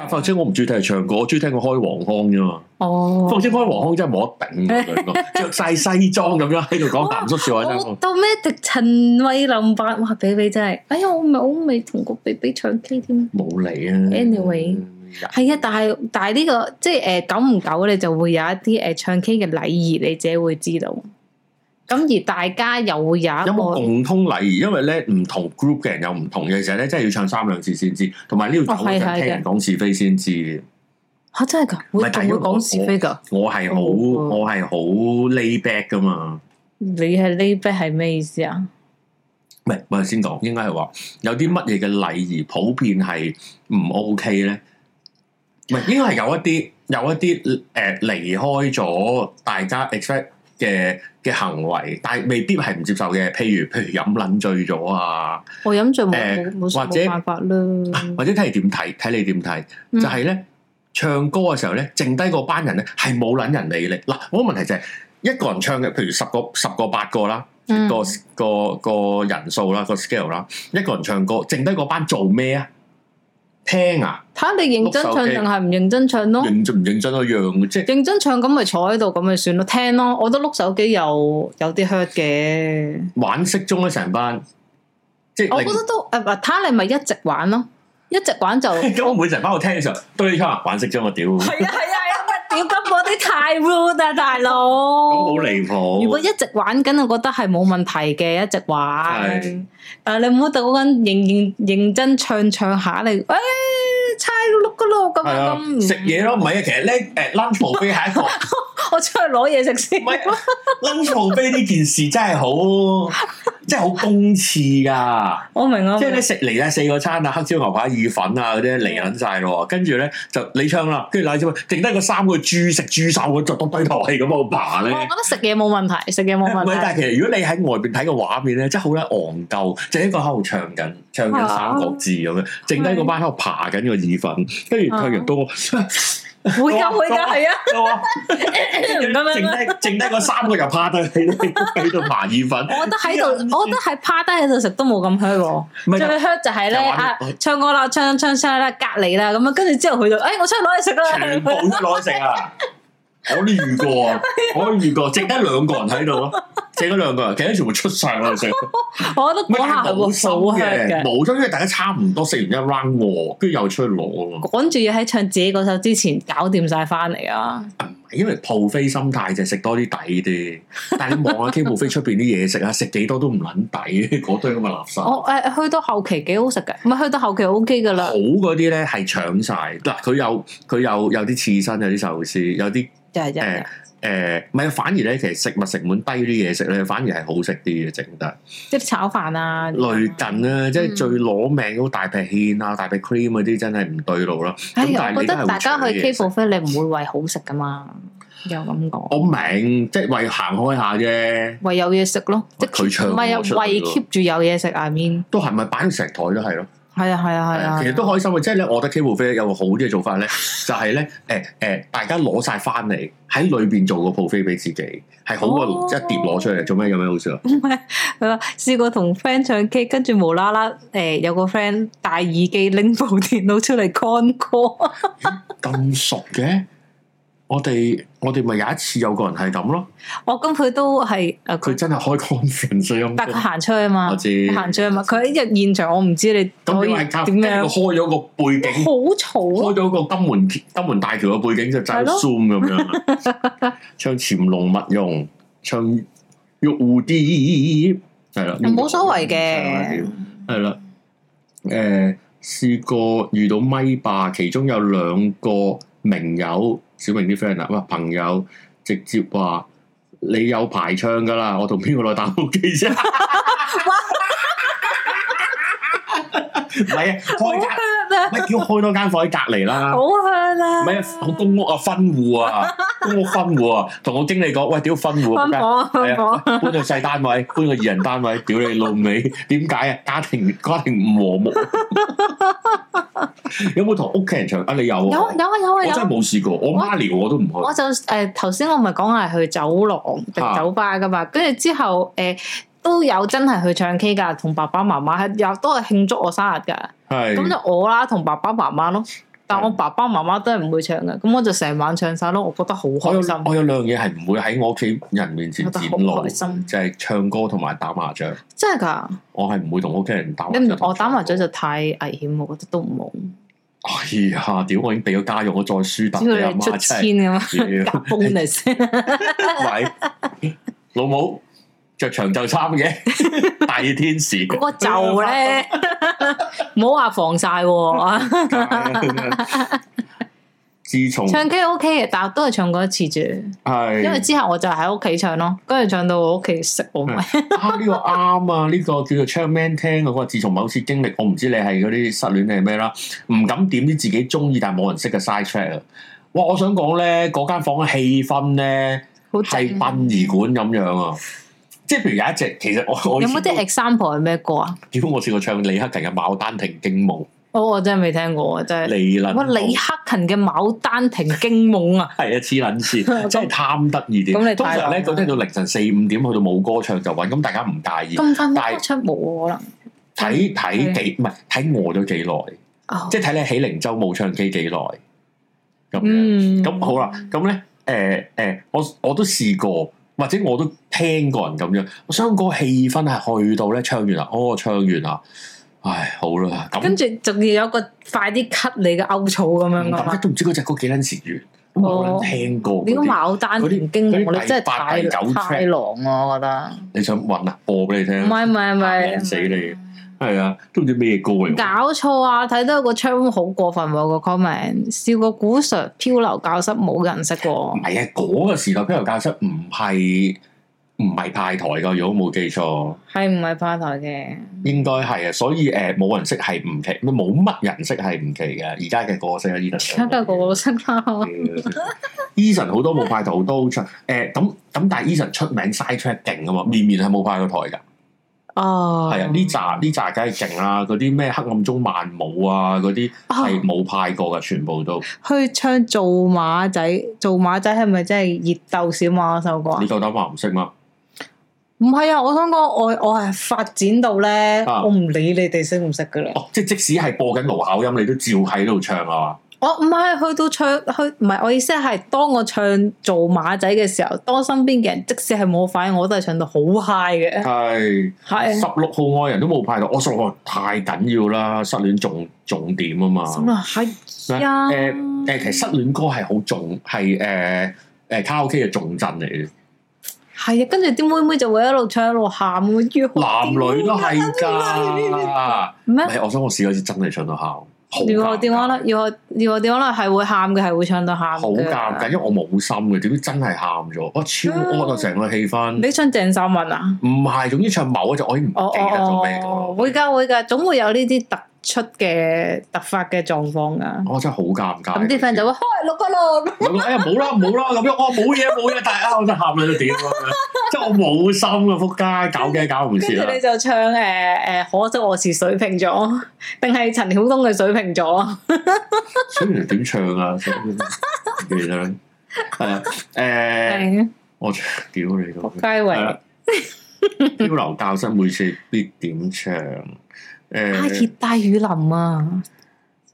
阿馮清我唔中意聽佢唱歌，我中意聽佢開黃腔啫嘛。哦、oh. 啊，馮清開黃腔真係冇得頂，着晒西裝咁樣喺度講鹹濕笑話。到咩？陳慧琳白哇！B B 真係，哎呀，我唔係好未同個 B B 唱 K 添。冇嚟啊！Anyway，係啊，anyway, 嗯、但係但係呢、這個即係誒久唔久咧，就會有一啲誒、呃、唱 K 嘅禮儀，你自己會知道。咁而大家又會有一個共通禮儀，因為咧唔同 group 嘅人有唔同嘅時候咧，真係要唱三兩次先知，同埋呢要聽人講是非先知。嚇、哦啊、真係噶，會同講是非噶。我係好，我係好 lay back 噶嘛。你係 lay back 係咩意思啊？唔係，我先講，應該係話有啲乜嘢嘅禮儀普遍係唔 OK 咧？唔係應該係有一啲，有一啲誒、呃、離開咗大家 expect 嘅嘅行為，但係未必係唔接受嘅。譬如譬如飲撚醉咗啊，我飲醉冇冇冇辦法啦，或者睇係點睇，睇、啊、你點睇、嗯。就係、是、咧，唱歌嘅時候咧，剩低嗰班人咧係冇撚人魅力。嗱，我個問題就係、是、一個人唱嘅，譬如十個十個八個啦，嗯、個個個人數啦，個 scale 啦，一個人唱歌，剩低嗰班做咩啊？聽啊！睇你認真唱定係唔認真唱咯，認唔認真一樣嘅即係。認真唱咁咪坐喺度，咁咪算咯，聽咯。我都碌手機又有啲 hurt 嘅。玩骰盅咧，成班即係，我覺得都誒，唔、啊、睇、啊啊啊啊啊啊啊、你咪一直玩咯，一直玩就咁。我每成班我聽嘅時候，堆卡玩骰盅啊，屌、 嗯！ 嗯 要跟嗰啲太 rude 啊，大佬好離譜。如果一直玩緊，我覺得係冇問題嘅，一直玩。但係你唔好讀緊，認認認真唱唱下你誒。喂碌噶咯，咁食嘢咯，唔係啊，其實咧誒，Lunch buffet 係一個， 我出去攞嘢食先。Lunch buffet 呢件事真係好，真 係好公廁噶。我明啊，即係你食嚟晒四個餐啊，黑椒牛扒意粉啊嗰啲嚟撚晒咯，跟住咧就你唱啦，跟住賴少坤剩低個三個豬食豬手，就當堆頭咁喺度爬咧。我覺得食嘢冇問題，食嘢冇問題。唔係，但係其實如果你喺外邊睇個畫面咧，真係好鬼戇鳩，剩一個喺度唱緊，唱緊三個字咁樣，剩低嗰班喺度爬緊個意粉。跟住佢又多、啊 會，會噶會噶係啊！咁 剩低剩低三個又趴低喺度喺度扒意粉， 那裡 我覺得喺度， 我覺得係 得 趴低喺度食都冇咁香喎。最香就係、是、咧啊，唱歌啦，唱唱唱啦，隔離啦咁樣，跟住之後佢就，哎，我出去攞嚟食啦，全部都攞嚟食啊！ 我都遇過啊，我遇過，剩得兩個人喺度咯，剩嗰兩個人，其他全部出晒嗰度食。 我都估下冇數嘅，冇，咗。因為大家差唔多食完一 round，跟住又出去攞喎。趕住要喺唱自己嗰首之前搞掂晒翻嚟啊！因為 buffet 心態就係 食多啲抵啲，但係你望下 KTV 出邊啲嘢食啊，食幾多少都唔卵抵。嗰堆咁嘅垃圾。誒、oh, 呃、去到後期幾好食嘅，唔係去到後期 O K 噶啦。好嗰啲咧係搶晒嗱，佢有佢有有啲刺身，有啲壽司，有啲。誒誒，唔、欸、係、欸，反而咧，其實食物成本低啲嘢食咧，反而係好食啲嘅，整得，即係炒飯啊，雷陣啊，嗯、即係最攞命嗰大劈芡啊，大劈 cream 嗰啲真係唔對路啦。哎呀，我覺得大家去 K Buffet 你唔會為好食噶嘛，有咁講。我明，即係為行開下啫，為有嘢食咯，啊、即係唔係為 keep 住有嘢食，I mean，都係咪擺成台都係咯。係啊係啊係啊，其實都開心啊！即係咧，我覺得 K 部飛有個好啲嘅做法咧，就係咧，誒誒，大家攞晒翻嚟喺裏邊做個部飛俾自己，係好過一碟攞出嚟。做咩咁樣好笑？唔、哦、係，啊，試過同 friend 唱 K，跟住無啦啦，誒，有個 friend 戴耳機拎部電腦出嚟 con 歌，咁熟嘅。我哋我哋咪有一次有個人係咁咯，我咁佢都係，佢、啊嗯啊、真係開安全箱，但佢行出去啊嘛，行出去啊嘛，佢喺日現場我唔知道你咁點解點樣開咗個背景，好、嗯、嘈、啊，開咗個金門金門大橋嘅背景就真係 zoom 咁樣，唱潛龍勿用，唱玉蝴蝶，係啦，冇所謂嘅，係啦，誒、嗯嗯、試過遇到咪霸，其中有兩個。明友小明啲 friend 啦，哇朋友直接話你有排唱㗎喇，我同邊個來打機啫？嚟啊，開。咪 叫開多間房喺隔籬啦，好香啦！咪啊，公屋啊，分戶啊， 公屋分戶啊，同我經理講，喂，屌，分戶，啊，分房啊，房哎， 搬個細單位， 搬個二人單位，屌 你老味！點解啊？家庭家庭唔和睦， 有冇同屋企人唱歌啊？你有，啊，有啊有啊我真係冇試過。我媽撩我都唔去。我就誒，頭、呃、先我咪講係去走廊定酒吧噶嘛，跟、啊、住之後誒、呃、都有真係去唱 K 噶，同爸爸媽媽又都係慶祝我生日噶。咁就我啦，同爸爸媽媽咯，但係我爸爸媽媽都係唔會唱嘅，咁我就成晚唱晒咯，我覺得好開心。我有兩樣嘢係唔會喺我屋企人面前展露，就係、是、唱歌同埋打麻雀。真係噶！我係唔會同屋企人打麻將。因我打麻雀就太危險，我覺得都唔好。哎呀，屌！我已經俾咗家用，我再輸得你阿媽真係 本來。 老母。着長袖衫嘅 大天使，那個袖咧，唔好話防曬 自從唱 K OK 嘅，但係都係唱過一次啫。係因為之後我就喺屋企唱咯，跟住唱到我屋企識我咪。呢個啱啊！呢、這個啊這個叫做 Charm a n 聽啊！我話自從某次經歷，我唔知你係嗰啲失戀定係咩啦，唔敢點啲自己中意但係冇人識嘅 side track 啊！哇！我想講咧，嗰間房嘅氣氛咧，係殯儀館咁樣啊！即係譬如有一隻，其實我有冇啲 example 係咩歌啊？比如果我試過唱李克勤嘅《牡丹亭驚夢》，我、oh, 我真係未聽過，真係。李李克勤嘅《牡丹亭驚夢》 啊，係啊，黐撚線，真係貪得意啲。通常咧，佢、那、聽、個、到凌晨四五點，去到冇歌唱就搵。咁大家唔介意？但係出冇可能。睇睇幾唔係睇餓咗幾耐，oh. 即係睇你起靈州冇唱機幾耐。咁咁、嗯、好啦，咁咧，誒、呃、誒、呃呃，我我都試過。或者我都聽過人咁樣，我想嗰個氣氛係去到咧唱完啦，哦唱完啦，唉好啦咁。跟住仲要有一個快啲 cut 你嘅勾草咁樣噶嘛、啊，都唔知嗰隻歌幾撚時完，我、哦、聽過。啲牡丹嗰啲唔經我哋真係太，太狼啊！我覺得你想揾啊，播俾你聽。唔係唔係唔係，死你！係啊，都唔知咩歌嚟。搞錯啊！睇到個窗好過分喎、啊，個 comment 笑個古 Sir 漂流教室冇人識喎。唔係啊，嗰、個時代漂流教室唔係唔係派台噶，如果冇記錯係唔係派台嘅。應該係啊，所以誒冇、呃、人識係唔奇，冇乜人識係唔奇嘅。而家嘅個個識啊，Eason 而家都係個個識啦。Eason 好多冇派台都出誒，咁 咁、呃、但係 Eason 出名 side track 勁啊嘛， 綿綿係冇派過台噶。哦，係啊！呢扎呢扎梗係勁啦，嗰啲咩黑暗中漫舞啊，嗰啲係冇派過嘅，uh, 全部都去唱做馬仔，做馬仔係咪真係熱鬥小馬嗰首歌？你夠膽話唔識嗎？唔係啊，我想講我我係發展到咧，uh, 我唔理你哋識唔識噶啦。哦，即係即使係播緊盧巧音，你都照喺度唱啊！我唔係去到唱，去唔係我意思係，當我唱做馬仔嘅時候，當身邊嘅人即使係冇反應，我都係唱到好 high 嘅。係係十六號愛人都冇派到，我十六號太緊要啦，失戀重重點啊嘛。係咩？啊？誒誒、呃呃，其實失戀歌係好重，係誒誒卡拉 O K 嘅重鎮嚟嘅。係啊，跟住啲妹妹就會一路唱一路喊，男女都係噶。唔 係，我想我試過一次真係唱到喊。如何電話咧，如何如何電話咧係會喊嘅，係會唱到喊。好尷尬，因為我冇心嘅，點知真係喊咗，我超屙到成個氣氛。你唱鄭秀文啊？唔係，總之唱某一隻，我已經唔記得咗咩歌。會噶會噶，總會有呢啲特。出嘅突發嘅狀況啊！我、哦、真係好尷尬，咁啲 friend 就會開六個窿。哎呀，冇啦冇啦，咁、哎、樣、哦、我冇嘢冇嘢，但係我真係喊你樣點啊！即係我冇心啊！撲街搞驚搞唔少、啊。你就唱誒誒、呃，可惜我是水瓶座？定係陳曉東嘅水瓶座啊？所以點唱 啊？其實係啊誒，我屌、啊、你個，卑微！漂、啊、 流教室每次必點唱。熱帶雨林啊！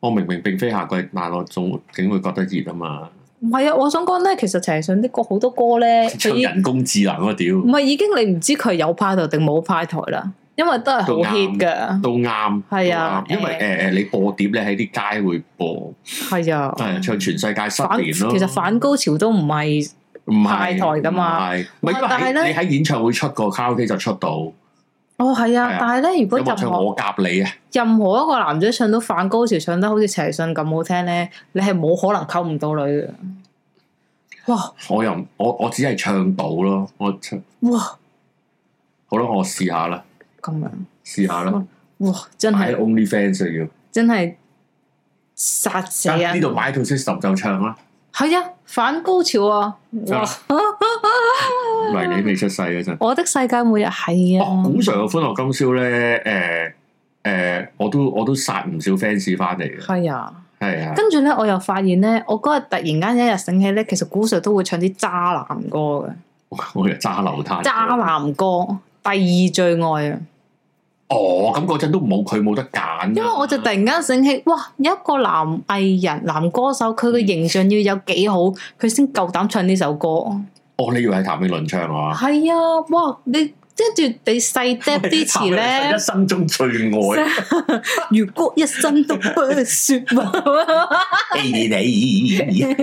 我明明並非夏季，但係我總竟會覺得熱啊嘛。唔係啊，我想講咧，其實陳奕迅啲歌好多歌咧，歌呢唱人工智能啊屌！唔係已經你唔知佢有派台定冇派台啦，因為都係好 hit 噶都啱，係啊對，因為誒誒、欸，你播碟咧喺啲街上會播，係啊，係、嗯、唱全世界失眠咯。其實反高潮都唔係派台噶嘛，係，係，但係咧，你喺演唱會出過，卡拉 O、OK、K 就出到。哦，係啊，啊，但係咧，如果任何有沒有我夾你啊，任何一個男仔唱到反高潮，唱得好似陳奕迅咁好聽咧，你係冇可能溝唔到女嘅。哇！我又我我只係唱到咯，我唱哇，好啦，我試下啦，咁樣試下啦，哇，真係 OnlyFans 嚟嘅，真係殺死啊！呢度擺套 system 就唱啦。係啊，反高潮啊！唔係，啊、你未出世嘅陣，我的世界每日係啊、哦。古 Sir 嘅歡樂今宵咧，誒、呃、誒、呃，我都我都殺唔少 fans 翻嚟嘅。係啊，係啊。跟住咧，我又發現咧，我嗰日突然間一日醒起咧，其實古 Sir 都會唱啲渣男歌嘅。我又渣流攤。渣男歌第二最愛啊！哦，咁嗰陣都冇，佢冇得揀。因為我就突然間醒起，哇，有一個男藝人、男歌手，佢嘅形象要有幾好，佢先夠膽唱呢首歌。哦，你以為係譚詠麟唱啊？係啊，哇，你。跟住你細啲詞咧，一生中最愛， 如果一生都不說 話，紀念你，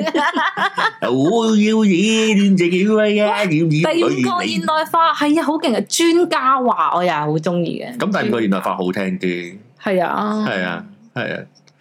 我要以你為第二個現代化，係啊，好勁啊，專家話我又係好中意嘅，咁第二個現代化好聽啲，係啊，係啊，係啊。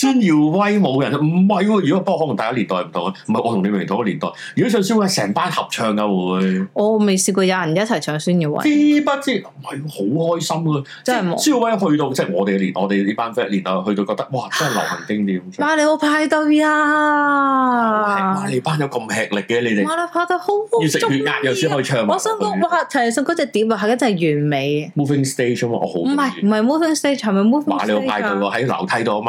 孫耀威冇人，唔係喎。如果不過可能大家年代唔同，唔係我你同你明同個年代。如果上次孫耀威成班合唱嘅會，我未試過有人一齊唱孫耀威。知不知？唔係好開心咯。即係孫耀威去到，即係我哋嘅年代，我哋呢班 friend 年代去到，覺得哇，真係流行經典。馬里奧派對啊！哇！你班有咁吃力嘅，你哋馬里奧派對好要食血壓又先可以唱。我想講哇，陳奕迅嗰隻碟啊，係一隻完美。Moving stage 我好唔係唔係 moving stage 咪 moving。馬里奧派對喎，喺樓梯度啊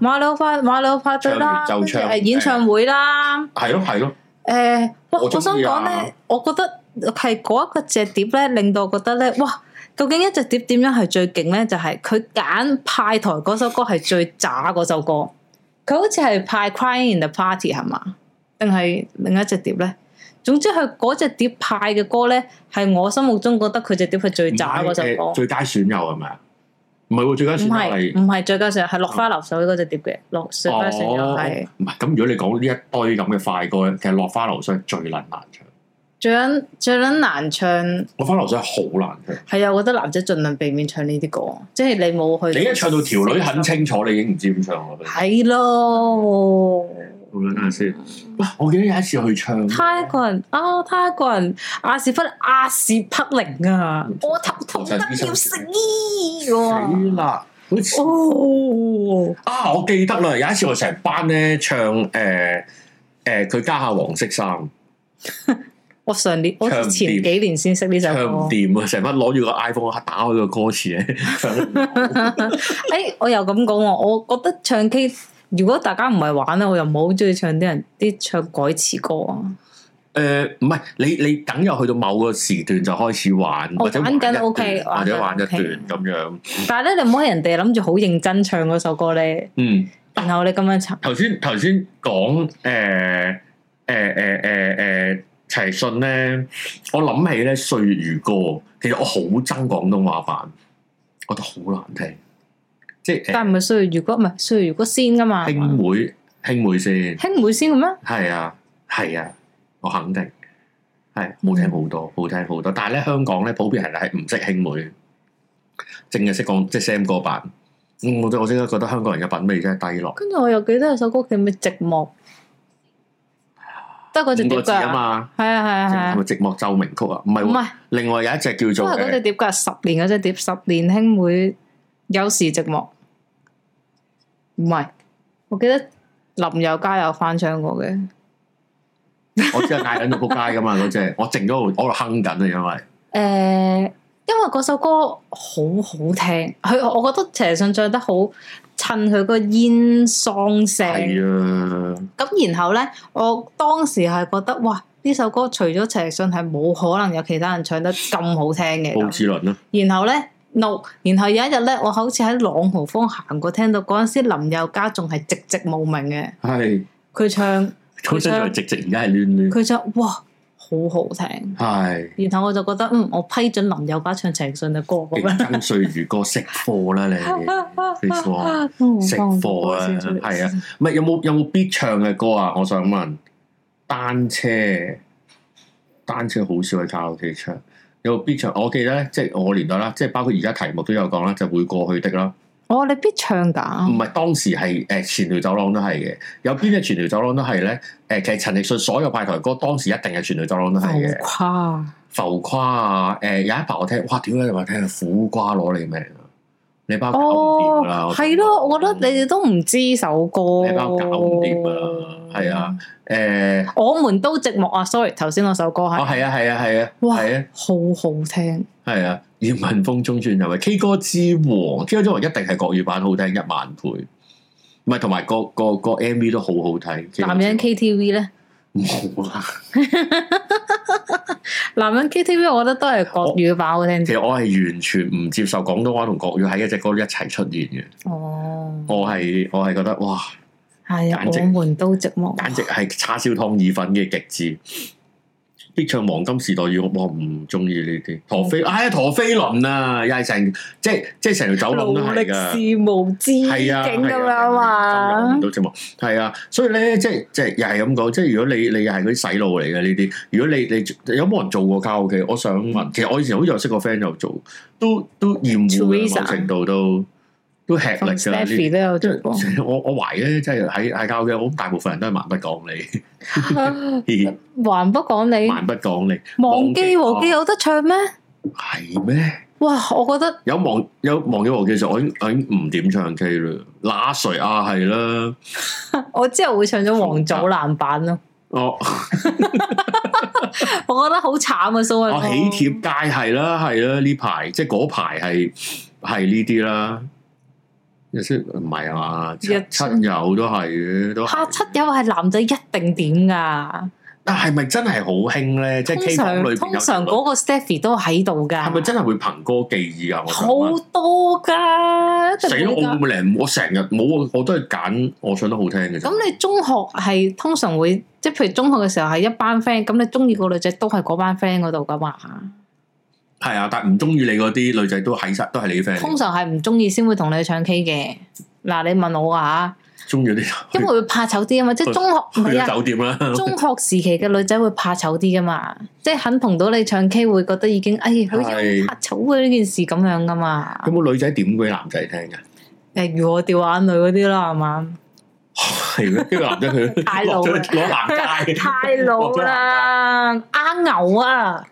嘛。馬騮派馬騮派對啦，係演唱會啦。係咯係咯。誒、欸，我我想講咧，我覺得係嗰一個隻碟咧，令到我覺得咧，哇！究竟一隻碟點樣係最勁咧？就係佢揀派台嗰首歌係最渣嗰首歌。佢好似係派 Crying in the Party 係嘛？定係另一隻碟咧？總之係嗰隻碟派嘅歌咧，係我心目中覺得佢隻碟係最渣嗰首歌，呃。最佳損友係咪啊？唔係喎，最緊要係，唔係唔係，最緊要係落花流水嗰隻碟嘅落，所以成咗係。唔係咁，如果你講呢一堆咁嘅快歌，其實落花流水係最難唱嘅。最撚最撚難唱，我返樓上好難唱。係啊，我覺得男仔盡量避免唱呢啲歌，即係你冇去。你一唱到條女很清楚，你已經唔知點唱啦。係咯，我諗下先。哇！我記得有一次去唱，泰國人，哦、泰國人啊，泰國人阿士芬阿士匹靈啊，我頭痛得要死，啊啊。死啦！哦啊！我記得啦，有一次我成班咧唱誒誒，佢，呃呃、加下黃色衫。 我上年，我前幾年先識呢首歌。唱唔掂啊！成日攞住個 iPhone，打開個歌詞咧。 哎，我又咁講我，我覺得唱 K，如果大家唔係玩咧，我又唔好中意唱啲人啲唱改詞歌啊。誒、呃，唔係你你等又去到某個時段就開始玩，或者 OK，段，或者玩一段咁、okay, okay. 樣。但係咧，你唔好係人哋諗住好認真唱嗰首歌咧。嗯。然後你咁樣唱。頭先頭先講誒誒誒誒誒。陳奕迅，咧，我諗起咧，歲月如歌，其實我好憎廣東話版，我覺得好難聽。即係但係唔係歲月如歌，唔係歲月如歌先噶嘛？兄妹，兄妹先，兄妹先噶咩？係啊，係啊，我肯定係好聽好多，好、嗯、聽好多，多。但係咧，香港咧普遍係係唔識兄妹，淨係識講即係 Sam 歌版。嗯、我我即刻覺得香港人嘅品味真係低落。跟住我又記得有首歌叫咩？寂寞。得嗰隻碟噶嘛，係啊係，啊係啊，係咪寂寞奏鳴曲啊？唔係，唔係，另外有一隻叫做，係嗰隻碟，隔十年嗰隻碟，十年兄妹有時寂寞，唔係，我記得林宥嘉有翻唱過嘅，我正嗌緊到撲街噶嘛，嗰隻我靜咗度，我度哼緊啊，因為誒。因為嗰首歌好好聽，佢，我覺得陳奕迅唱得好，襯佢個煙嗓聲。啊。咁然後咧，我當時係覺得，哇！呢首歌除咗陳奕迅係冇可能有其他人唱得咁好聽嘅。巫啟倫、啊、然後咧，六、no,，然後有一日咧，我好似喺朗豪坊行過，聽到嗰陣時林宥嘉仲係直直無名嘅。係。佢唱，佢唱直直，而家係亂亂。佢唱，哇！好好聽，係，然後我就覺得嗯，我批准林宥嘉唱陳奕迅嘅歌咁樣。歲月如歌，識貨啦，你識貨識貨啊，係啊，唔係有冇有冇必唱嘅歌啊？我想問，單車，單車好少去卡啦 OK 唱，有冇必唱？我記得咧，即係我年代啦，即係包括而家題目都有講啦，就會過去的啦。哦，你必唱噶？唔係當時係誒、呃、全條走廊都係嘅，有邊嘅全條走廊都係咧？誒、呃，其實陳奕迅所有派台歌當時一定係全條走廊都係嘅。浮誇，浮誇啊！誒、呃，有一排我聽，哇！屌你，我聽苦瓜攞你命，啊。你、哦、包搞掂啦！係咯，我覺得你哋都唔知首歌，你包搞掂啊。係啊，誒、呃，我們都寂寞啊！sorry，頭先嗰首歌係，哦，係啊，係啊，係啊，哇，好好聽，係啊。葉問風中轉又係 K 歌之王，K 歌之王一定係國語版好聽一萬倍，唔係，同埋個個個 M V 都好好睇。男人 K T V 咧冇啊，男人 K T V 我覺得都係國語版好聽。好啊、 好聽，其實我係完全唔接受廣東話同國語喺一隻歌一齊出現嘅。哦，我係我係覺得哇，係，我們都寂寞，簡直係叉燒湯意粉嘅極致。必唱黃金時代語，我唔中意呢啲。陀飛，哎呀，陀飛輪啊，又係成即即成條走廊都係㗎。勞力士無知景咁樣啊，咁多啫嘛，係啊。所以咧，即即，即又係咁講，即如果你你又係嗰啲洗腦嚟嘅呢啲，如果你你，你有冇人做過卡 OK？我想問、嗯，其實我以前好似有識個 friend 又做，都都厭惡某程度都。都吃力噶啦，我我懷疑真係喺嗌交嘅，好大部分人都係蠻不講理。蠻不講理？蠻、啊、不講理？忘記和記有得唱咩？係、哦、咩？哇！我覺得有忘有忘記和記我時候，我我唔點唱 K 啦。那誰啊？係啦，我之後會唱咗王祖藍版咯、啊。哦、啊， 我覺得好慘啊！所謂，喜帖街係啦，係啦，呢排即係嗰排係係呢啲啦。唔係啊嘛，一七,七友都係嘅，都吓七友係男仔一定點噶？但係咪真係好興咧？即係 K 房裏邊通常嗰個 Stephy 都喺度噶，係咪真係會憑歌記憶啊？好多噶，成日我冇嚟，我成日冇，我都係揀我唱得好聽嘅。咁你中學係通常會，即係譬如中學嘅時候係一班 friend，咁你中意個女仔都係嗰班 friend 嗰度噶嘛？係啊，但係唔中意你嗰啲女仔都喺晒，都係你嘅 friend。通常係唔中意先會同你去唱 K 嘅。嗱、啊，你問我啊，中意啲，因為會怕醜啲啊嘛。啊即係中學唔係啊，中學時期嘅女仔會怕醜啲噶嘛。 即係肯同到你唱 K，會覺得已經哎，好似怕醜啊呢件事咁樣噶嘛。有冇、那個、女仔點俾男仔聽噶？誒，例如我掉眼淚嗰啲啦，係嘛？係啊，呢個男仔佢 太老了，攞 行街 太老啦了，啱 牛啊！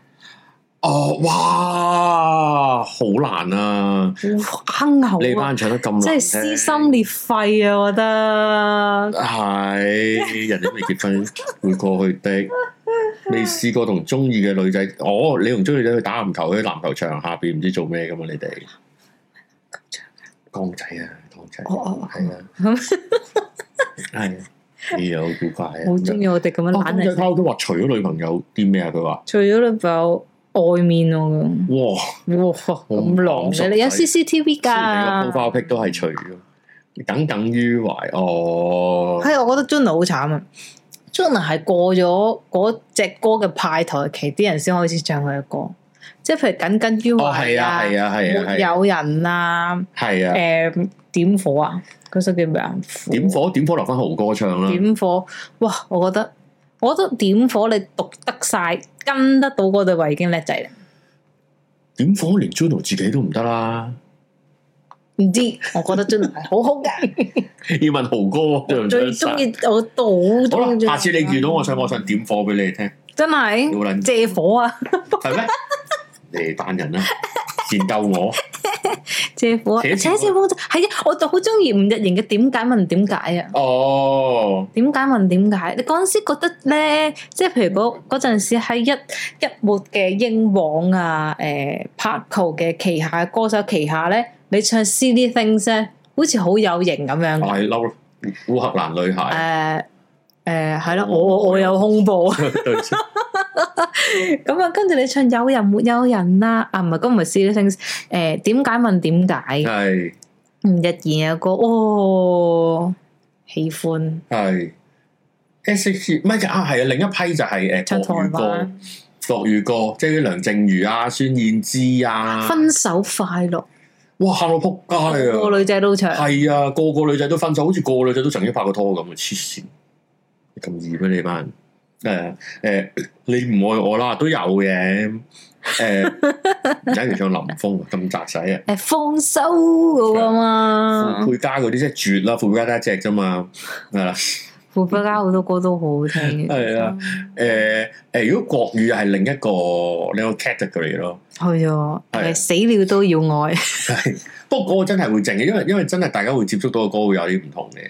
哦，哇，好難啊！坑、哦、牛，呢、啊、班唱得咁，即係撕心裂肺啊！我覺得係， 人哋未結婚， 會過去的。未試過同中意嘅女、哦仔，啊、仔，仔，哦，你同中意女仔去打籃球，去籃球場下邊唔知做咩噶嘛？你哋江仔啊，江仔係啊，係啊，好古怪啊！好中意我哋咁樣，江仔濤都話除咗女朋友啲咩啊？佢、哦、話除咗女朋友。外面哦、啊，哇哇，咁狼死，你有 CCTV 噶、啊，花癖都係除咯，耿耿於懷哦。係，我覺得 Juno 好慘啊。Juno 係過咗嗰隻歌嘅派台期，啲人先開始唱佢嘅歌。即係譬如耿耿於懷啊，啊，哦、啊，啊，啊，啊，啊，有人啊，係啊，誒、呃，點火啊？嗰首叫咩啊？點火點火留翻豪歌唱啦、啊。點火哇！我覺得。我覺得點火你讀得晒跟得到嗰對位已經叻仔啦。點火連 Juno 自己都唔得啦。唔知，我覺得 Juno 係好好嘅。要問豪哥最中意我，到中下次你見到我上，我想點火俾你聽。真係借火啊 是嗎？係咩？你班人啊，戰鬥我。姐夫啊，唱姐夫就係啊，我就好中意吳日瑩嘅點解問點解啊！哦，點解問點解？你嗰陣時覺得咧，即係譬如嗰嗰陣時喺一一沒嘅英皇啊，誒，Parko 嘅旗下歌手旗下咧，你唱 See These Things 咧，好似好有型咁樣。係嬲烏克蘭女孩。誒、呃，係啦、哦，我我有空播、哦，咁啊，跟住你唱有人沒有人啦、啊，啊，唔係，咁唔係 See t h i n 誒，點解問點解？係吳日言有個哦，喜歡係 S H，唔係啊，係啊，另一批就係誒國語歌，國語歌，即係啲梁靜茹啊、孫燕姿啊，分手快樂，哇，嚇到仆街啊，哎、個個女仔都唱，係啊，個個女仔都分手，好似個個女仔都曾經拍過拖咁啊，黐線。咁易咩？你班誒誒你唔愛我啦，都有嘅。誒，例如唱林峯咁宅使啊，誒，豐收嗰個嘛，傅佩嘉嗰啲真係絕啦，傅佩嘉得一隻啫嘛，係啦，傅佩嘉好多歌都好好聽。係啦，誒誒，如果國語又係另一個另一個 category 咯，去咗係死了都要愛。 不過歌真係會靜嘅，因為因為真係大家會接觸到嘅歌會有啲唔同嘅。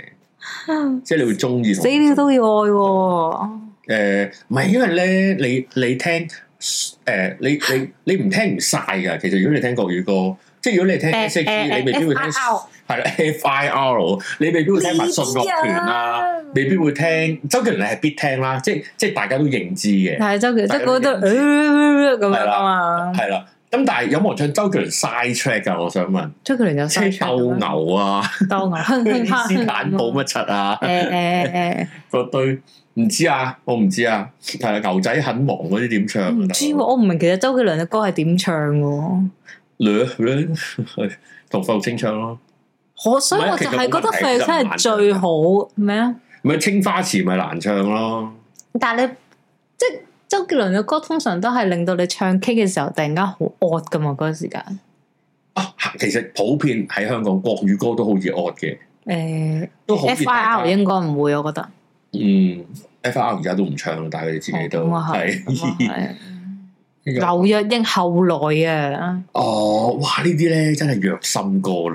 即係你會中意死你都要愛喎、啊。誒、嗯，唔係因為咧，你你聽誒、呃，你你你唔聽唔晒噶。其實如果你聽國語歌，即係如果你聽 S H E，你未必會聽係啦、欸欸。F I R，你未必會聽埋信樂團啦，必啊、未必會聽周杰倫，你係必聽啦。即係即係大家都認知嘅。但係周杰倫，即係嗰啲咁樣噶嘛。係啦。咁但係有冇人唱周杰倫 side track 啊？我想問。周杰倫有 side track 即係鬥牛啊！鬥牛、啊 啊 欸欸。 跟住先彈補乜柒啊？誒誒誒！對，唔知啊，我唔知啊。係牛仔很忙嗰啲點唱？唔知、啊、我唔明，其實周杰倫嘅歌係點唱嘅、嗯？略略係同費玉清唱咯。我所以我就係覺得費玉清係最好咩啊？咪青花瓷咪難唱咯。但係你即係。周杰倫嘅歌通常都係令到你唱 K 嘅時候突然間好惡噶嘛嗰、那個、時間啊，其實普遍喺香港國語歌都好易惡嘅，誒、欸，都 F.I.R. 應該唔會，我覺得，嗯，F.I.R. 而家都唔唱，但係佢哋自己都係，劉、嗯嗯嗯嗯嗯、 若英後來啊，哦，哇，這些呢啲咧真係虐心歌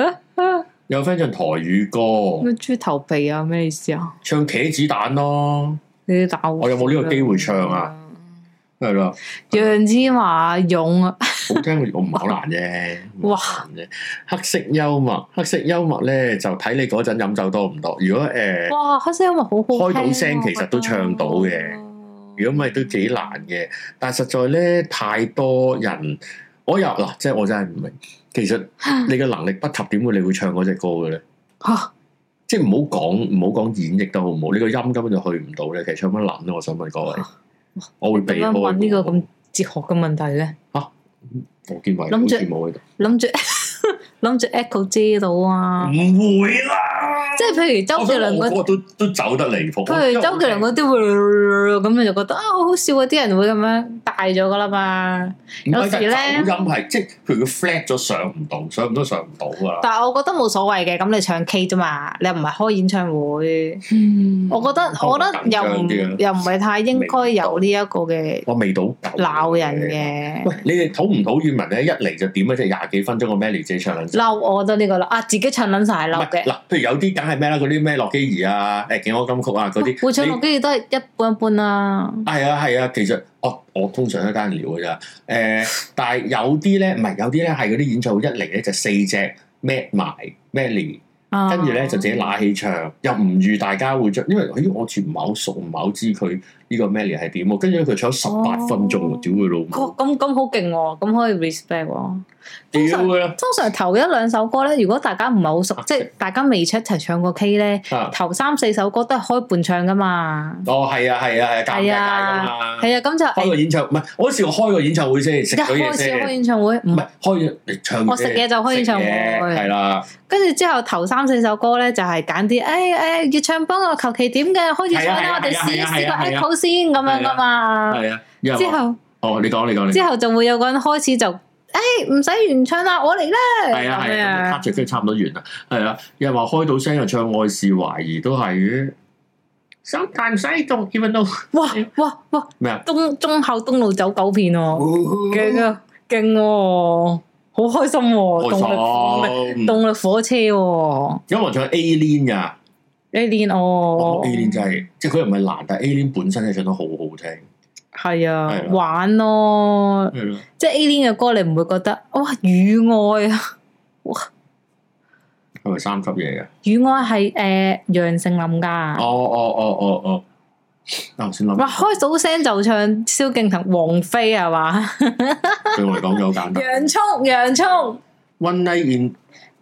啦，啊、 有 friend 唱台語歌，咩豬頭皮啊，咩意思啊？唱茄子蛋咯。你打我有冇呢個機會唱啊？係、嗯、啦，楊千嬅勇啊， 好聽的我唔係好難啫，哇，黑色幽默，黑色幽默咧，就睇你嗰陣飲酒多唔多。如果誒、呃，哇，黑色幽默好好、啊，開到聲其實都唱到嘅。如果唔係都幾難嘅，但係實在咧太多人，我又嗱、嗯啊，即係我真係唔明，其實你嘅能力不及，點會你會唱嗰隻歌嘅咧？吓、啊！即係唔好講唔好講演繹得好唔好？呢、這個音根本就去唔到咧。其實唱乜諗咧？我想問各位，啊、我會點樣問呢個咁哲學嘅問題咧？吓、啊，羅建偉好似冇喺度，諗住。諗住 echo 遮到啊？唔會啦，即係譬如周杰倫嗰都都走得離譜。譬如周杰倫嗰啲會咁，你就覺得啊，好好笑啊！啲人會咁樣大咗噶啦嘛。有時咧，音係即係譬如佢 flat 咗上唔到，上都上唔到噶。但係我覺得冇所謂嘅，咁你唱 K 啫嘛，你又唔係開演唱會。嗯，我覺得我覺得又唔又唔係太應該有呢一個嘅。我未到鬧人嘅。喂，你哋討唔討怨文咧？一嚟就點咧，即係廿幾分鐘個 manager。嬲， 我覺得呢個啦啊，自己唱撚晒嬲嘅。嗱，譬如有啲梗係咩啦？嗰啲咩洛基爾啊、誒勁歌金曲啊嗰啲，會唱洛基爾都係一般一般啦。啊，係啊，係啊，其實我、哦、我通常一單聊噶咋。誒、呃，但係有啲咧，唔係有啲咧，係嗰啲演唱會一嚟咧就四隻 match 埋 medley，跟住咧就自己拉起唱，又唔預大家會唱，因為由於我全唔係好熟，唔係好知佢。呢、這個咩嚟係點？跟住佢唱十八分鐘喎，屌、哦、佢老咁咁好勁喎，咁、哦、可以 respect 喎。屌嘅，通常頭、啊、一兩首歌咧，如果大家唔係好熟，啊、即係大家未出一齊唱過 K 咧、啊，頭三四首歌都係開伴唱㗎嘛。哦，係啊，係啊，係啊，係啊，咁係啊，咁、啊、就開個演唱，唔、哎、係我時我開個演唱會先食咗嘢開演唱會唔係開唱，我食嘢就開演唱會，係啦。跟住、啊啊、之後頭三四首歌咧，就係揀啲誒誒粵唱幫我求其點嘅，開始唱啦，我哋試一試先咁樣噶嘛，係啊。之後哦，你講你講，之後就會有個人開始就，誒、哎，唔使原唱啦，我嚟啦。係啊，係啊卡 u t 跟住差唔多完啦。係啊，又人話開到聲又唱愛事懷疑都係嘅。s o 唔使動 e v e 到，哇哇哇咩啊？東中校東路走九片好勁啊勁，好、啊、開心，啊開心啊，動力動力動力火車、啊，有人、啊、唱 Alien 噶。A-Lin 哦，A-Lin 就係，即係佢又唔係難，但係 A-Lin 本身係唱得好好聽，係啊，玩咯，即係 A-Lin 嘅歌你唔會覺得哇雨愛啊，哇係咪三級嘢嘅？雨愛係誒楊丞琳噶，哦哦哦哦哦，嗱先諗，哇開早聲就唱蕭敬騰王菲係嘛，對我嚟講就好簡單，洋蔥洋蔥，One Night In。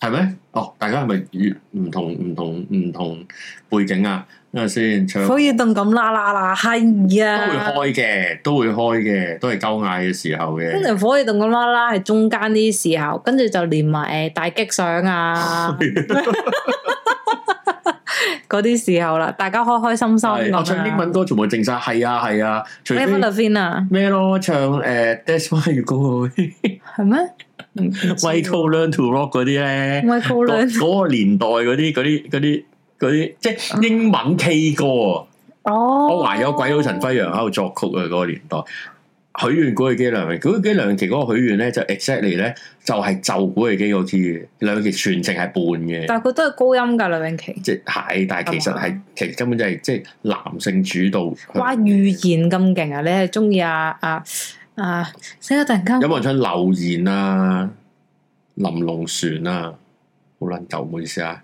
係咩？哦，大家係咪越唔同唔同唔同背景啊？睇下先，唱火熱動咁啦啦啦，係啊，都會開嘅，都會開嘅，都係交嗌嘅時候嘅。火熱動咁啦啦係中間呢啲時候，跟住就連埋誒大激上啊，嗰啲時候啦，大家開開心心。我唱英文歌全部靜晒，係啊係啊，最邊度先啊？咩咯？唱誒 That's Why 粵歌係咩？威高 Michael Learns to Rock 嗰啲咧，嗰個年代嗰啲嗰啲嗰啲嗰啲，即係英文 K 歌啊！哦、uh.，我懷疑有鬼佬陳輝陽喺度作曲啊！嗰、那個年代，許願古巨基梁詠琪，古巨基梁詠琪嗰個許願咧就 exactly 咧就係就古巨基我知嘅，梁詠琪全程係伴嘅，但係佢都係高音噶梁詠琪，即係但係其實係、嗯、其實根本就係即係男性主導。哇，預言咁勁啊！你係中意阿？啊！死日突然間有冇人唱留言啊？林隆璇啊，好捻舊，唔好意思啊。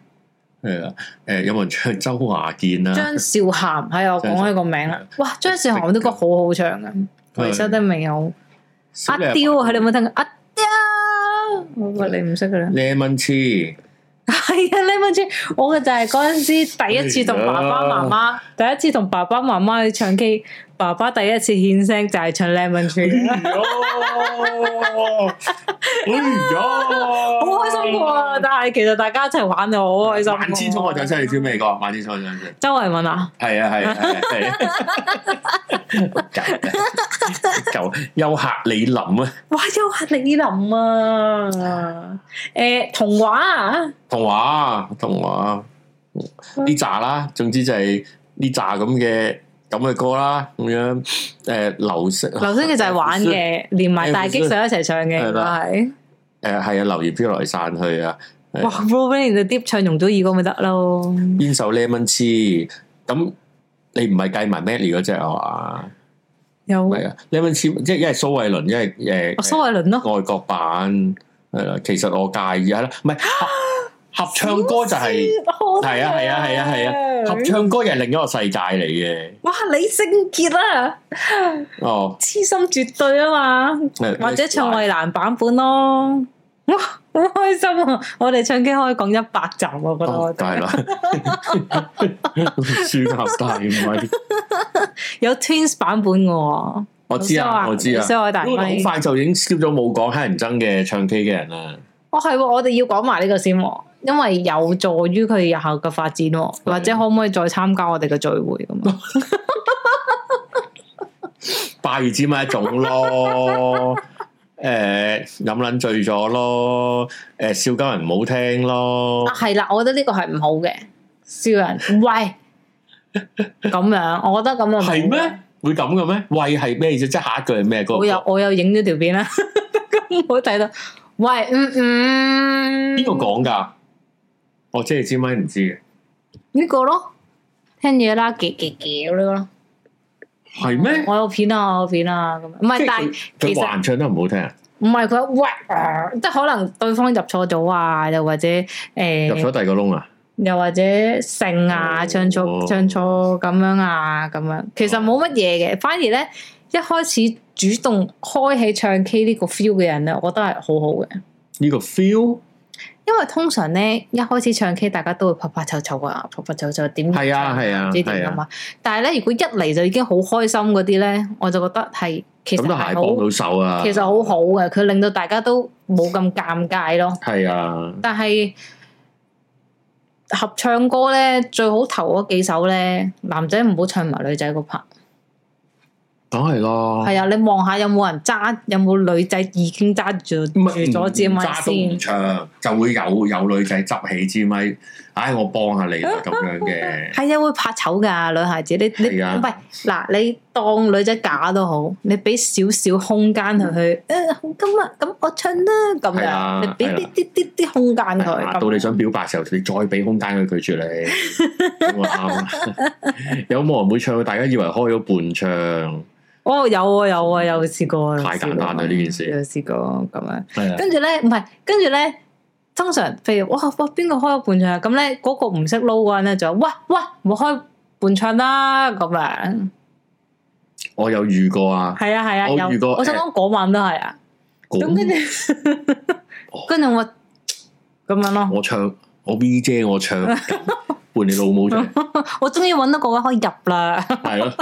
係啊，誒、欸，有冇人唱周華健啊？張韶涵係啊，講開個名啦。哇，張韶涵我都覺得好好唱噶。我哋收得未？有阿刁、啊，你有冇聽過？阿刁，我話你唔識噶啦。Lemon Tea 係啊，Lemon Tea，啊、 我嘅就係嗰陣時第一次同爸爸媽媽、啊，第一次同爸爸媽媽去唱 K。爸爸第一次獻聲就係唱《Lemon Tree》。哎呀，哎好開心噶、啊！但係其、啊、其實大家一齊玩就好開心。萬千寵愛在身，你知咩歌？萬千寵愛在身。周慧敏啊？係啊，係係係。夠優客李林啊！哇，優客李林啊！誒，童話童話，童話呢扎啦，總之就係呢扎咁嘅。咁嘅歌啦，咁樣，誒、呃，流星，流星嘅就係玩嘅， 連埋大激水一齊唱嘅， 都係，誒、呃，係啊，流雲飄來散去啊，哇，羅賓就碟唱容祖兒歌咪得咯，邊、嗯、首呢 Lemon Tree，咁你唔係計埋 Mandy 嗰隻啊嘛，有，係啊，呢 Lemon Tree，即係因係蘇慧倫，因係誒，蘇慧倫咯，外、啊啊、國版，係啦，其實我介意，係啦，唔係。啊 合唱歌就係、是、係啊係啊係啊係啊，啊，啊，啊，啊，合唱歌又係另一個世界嚟嘅。哇，李聖傑啊，哦，痴心絕對啊嘛，或者唱衛蘭版本咯。哇，好 開心啊！我哋唱 K 可以講一百集，我覺得梗係啦，哦、了 算合了 大唔胃 有 Twins 版本嘅，我知啊，我知啊，燒開我哋。好快就已經 skip 咗冇講黑人憎嘅唱 K 嘅人啦。哦，係、啊，我哋要講埋呢個先、啊。因為有助於佢日後嘅發展，或者可唔可以再參加我哋嘅聚會咁啊？八二支咪一種咯？誒，飲卵醉咗咯？誒，笑鳩人唔好聽咯？係啦，我覺得呢個係唔好嘅，笑人喂咁樣，我覺得咁樣係咩？會咁嘅咩？喂係咩意思？即係下一句係咩？我有我有影咗條片啦，我睇到喂，嗯嗯，邊個講噶？我即係知咪唔知嘅呢，這個咯，聽嘢啦，嘅嘅嘅呢個。係咩？我有片啊，我有片啊咁。唔係，但其實佢唱得唔好聽，啊。唔係佢屈啊，即係可能對方入錯組啊，又或者誒、呃、入咗第二個窿啊，又或者性啊，oh. 唱錯唱錯咁樣啊，咁樣。其實冇乜嘢嘅，oh. 反而咧，一開始主動開起唱 K 呢個 feel 嘅人咧，我覺得係好好嘅呢個 feel。因為通常咧，一開始唱 K，大家都會拍拍湊湊啊，拍拍湊湊點唱，係啊係啊，唔知點啊嘛。但係咧，如果一嚟就已經好開心嗰啲咧，我就覺得係其實係啊。其實好好嘅，佢令到大家都冇咁尷尬咯。係啊，但係合唱歌咧，最好頭嗰幾首咧，男仔唔好唱埋女仔個拍。梗係囉，係啊！你望下有冇人揸，有冇女仔已經揸住住咗支咪先？揸都唔長，就會有有女仔執起支咪。唉，我幫下你咁 樣嘅，係啊，會怕醜噶女孩子，你的你唔係嗱，你當女仔假都好，你俾少少空間佢佢，誒、嗯，咁、哎、啊，咁我唱啦咁樣，樣，你俾啲啲啲啲空間佢，到你想表白嘅時候，你再俾空間佢拒絕你，啱 對吧 有冇人會唱？大家以為開咗半唱，哦，有啊有啊有試過，太簡單啦呢件事，有試過咁樣，係啊，跟住咧唔係，跟住咧。通常，譬如哇哇，邊個開咗伴唱？咁咧？嗰個唔識撈嘅人咧就話，哇哇，我開伴唱啦咁樣。我有遇過啊，係啊係啊，我有遇過，有呃、我想講嗰晚都係啊。咁跟住，跟住、嗯哦、我咁樣咯。我唱，我 B J，我唱，換你老母唱。我終於搵到個位可以入啦。係咯。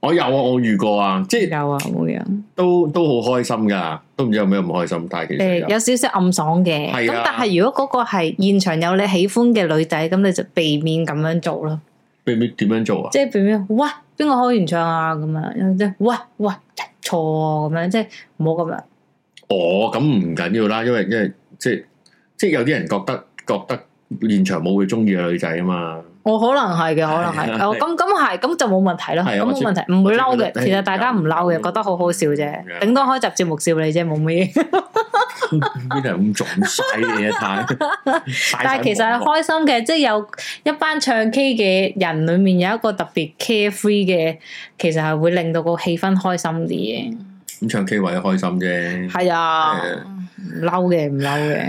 我有啊，我遇過啊，即係有啊，冇嘢，都都好開心噶，都唔知有咩唔開心，但係其實有，有少少暗爽嘅，咁、啊、但係如果嗰個係現場有你喜歡嘅女仔，咁你就避免咁樣做咯。避免點樣做啊？即係避免，嘩，邊個開完唱啊？咁樣，啊、樣，即係嘩嘩，錯咁樣，即係唔好咁樣。哦，咁唔緊要啦，因為因為即係即係有啲人覺得覺得現場冇佢中意嘅女仔啊嘛。我可能係嘅，可能係，我咁咁係，咁、哦、就冇問題咯。咁冇問題，唔會嬲嘅。其實大家唔嬲嘅，覺得好好笑啫，頂多開集節目笑你啫，冇咩。邊度係咁蠢晒嘅？但係其實係開心嘅，即係有一班唱 K 嘅人裏面有一個特別 carefree 嘅，其實係會令到個氣氛開心啲嘅。咁唱 K 為咗開心啫，係啊，嬲、嗯、嘅，唔嬲嘅。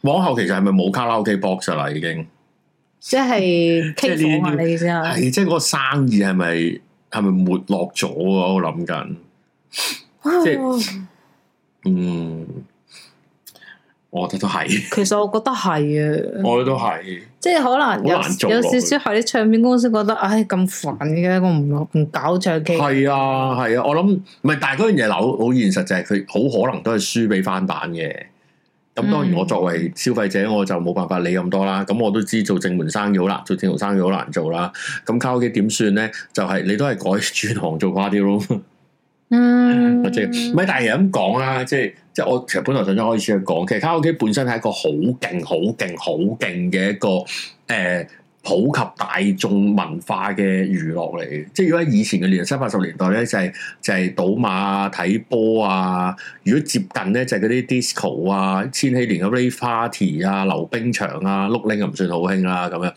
往後其實係咪冇卡拉 OK box 啦？已經。即係期望啊！ 你意思係？係即係個生意係咪係咪沒落咗啊？我諗緊，即係嗯，我覺得都係。其實我覺得係啊，我都係。即係可能有少少係啲唱片公司覺得，唉咁煩嘅，我唔唔搞唱 K，啊。係啊係啊，我諗唔係，但係嗰樣嘢好好現實就係佢好可能都係輸俾翻版嘅。咁當然我作為消費者、嗯、我就冇辦法理咁多啦，咁我都知做正門生意好難，做正門生意好難做啦。咁卡 O. K 點算咧？就係、是、你都係改轉行做快啲咯。嗯，即 咪、就是？但係咁講啦，即係即係我其實本來想先開始講，其實卡 O. K 本身係一個好勁、好勁、好勁嘅一個、呃普及大眾文化嘅娛樂嚟，即係如果以前嘅年七八十年代咧，就係、是、就係、是、賭馬啊、睇波啊。如果接近咧，就係嗰啲 disco 啊、千禧年嘅 rave party 啊、溜冰場啊、碌鈴啊，又唔算好興啦。咁樣，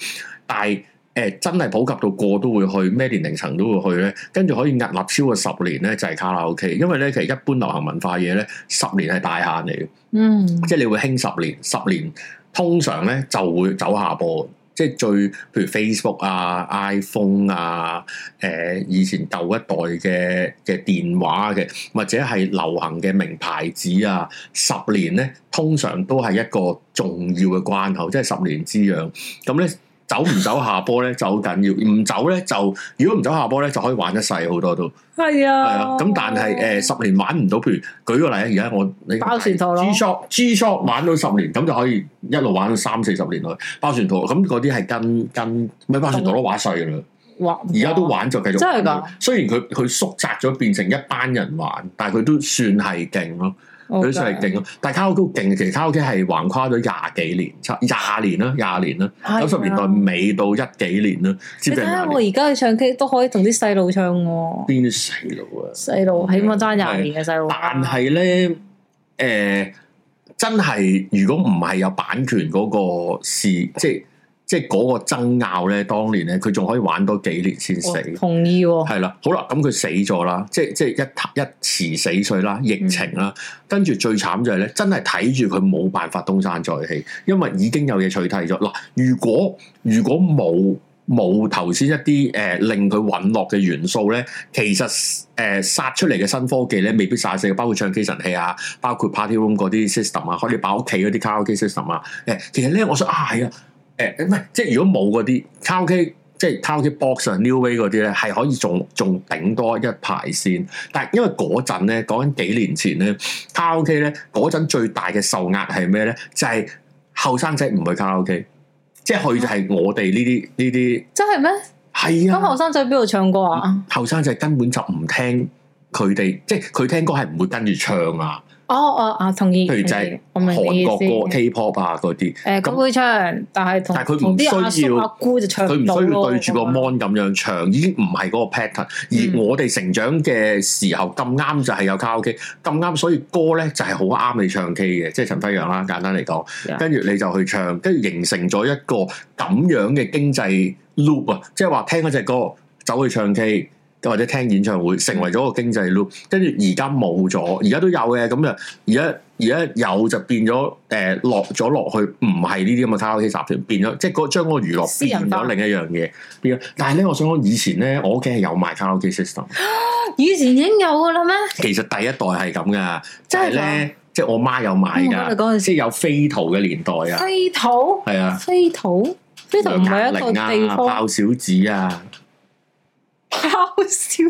但係誒、呃、真係普及到過都會去咩年齡層都會去咧，跟住可以屹立超過十年咧，就係、是、卡拉 OK。因為咧，其實一般流行文化嘢咧，十年係大限嚟，嗯，即係你會興十年，十年通常咧就會走下坡。即係最，譬如 Facebook 啊、iPhone 啊、呃、以前舊一代嘅嘅電話嘅，或者係流行嘅名牌子啊，十年咧通常都係一個重要嘅關口，即係十年之癢咁咧。嗯呢 走唔走下坡咧就好緊要，唔走咧就，如果唔走下坡咧就可以玩一世，好多都係啊，咁但係誒十年玩唔到，譬如舉個例子，而家我你包船圖咯，G-Shock G-Shock 玩到十年咁就可以一路玩到三四十年去包船圖，咁嗰啲係跟跟咪包船圖都玩細啦，玩而家都玩就繼續，真係雖然佢佢縮窄咗變成一班人玩，但係佢都算係勁咯。佢真係勁啊，但卡拉 OK 勁，其實卡拉 OK 係橫跨咗廿幾年，差廿年啦，廿年啦，九十年代尾到一幾年啦，知唔知？而家我而家去唱 K 都可以同啲細路唱喎。邊啲細路啊？細路起碼爭廿年嘅細路。但係咧，誒、呃，真係如果唔係有版權嗰個事，即係。即係嗰個爭拗咧，當年咧，佢仲可以玩多幾年先死。同意喎、哦。係啦，好啦，咁佢死咗啦，即即一一遲死水啦，疫情啦，跟、嗯、住最慘就係咧，真係睇住佢冇辦法東山再起，因為已經有嘢取代咗嗱。如果如果冇冇頭先一啲、呃、令佢墮落嘅元素咧，其實誒、呃、殺出嚟嘅新科技咧，未必殺死，包括唱 K 神器啊，包括 party room 嗰啲 system 啊，可以擺喺屋企嗰啲卡拉 OK system 啊。其實咧，我想啊，係啊。誒、欸，唔係，即係如果冇嗰啲卡拉 OK，即係卡拉 OK Box 啊，New Way 嗰啲咧，係可以仲仲頂多一排先。但係因為嗰陣咧，講緊幾年前咧，卡拉 OK 咧，嗰陣最大嘅受壓係咩咧？就係後生仔唔去卡拉 OK，即係去就係我哋呢啲呢啲。真係咩？係啊。咁後生仔邊度唱歌啊？後生仔根本就唔聽佢哋，即係佢聽歌係唔會跟住唱啊。哦哦啊同意，譬如就係韓國歌 K-pop 啊嗰啲，誒咁會唱，但係同佢唔需要阿叔，阿姑就唱唔到，佢唔需要對住個 mon 咁樣唱，嗯、已經唔係嗰個 pattern。而我哋成長嘅時候咁啱就係有卡拉 OK，咁啱所以歌咧就係好啱你唱 K 嘅，即係陳輝陽啦，簡單嚟講，yeah. 跟住你就去唱，跟住形成咗一個咁樣嘅經濟 loop 啊，即係話聽嗰隻歌走去唱 K。或者聽演唱會成為咗個經濟 loop，跟住而家冇咗，而家都有嘅咁啊！而家而家有就變咗誒、呃、落咗落去，唔係呢啲咁嘅卡拉 OK 集團，變咗即係個將嗰個娛樂變咗另一樣嘢。變咗，但係咧，我想講以前咧，我屋企係有賣卡拉 OK system。以前已經有噶啦咩？其實第一代係咁噶，但係咧、嗯，即係我媽有買噶，即係有飛圖嘅年代飛圖啊。飛圖係啊，飛圖飛圖唔係一個地方，炮小子啊！好笑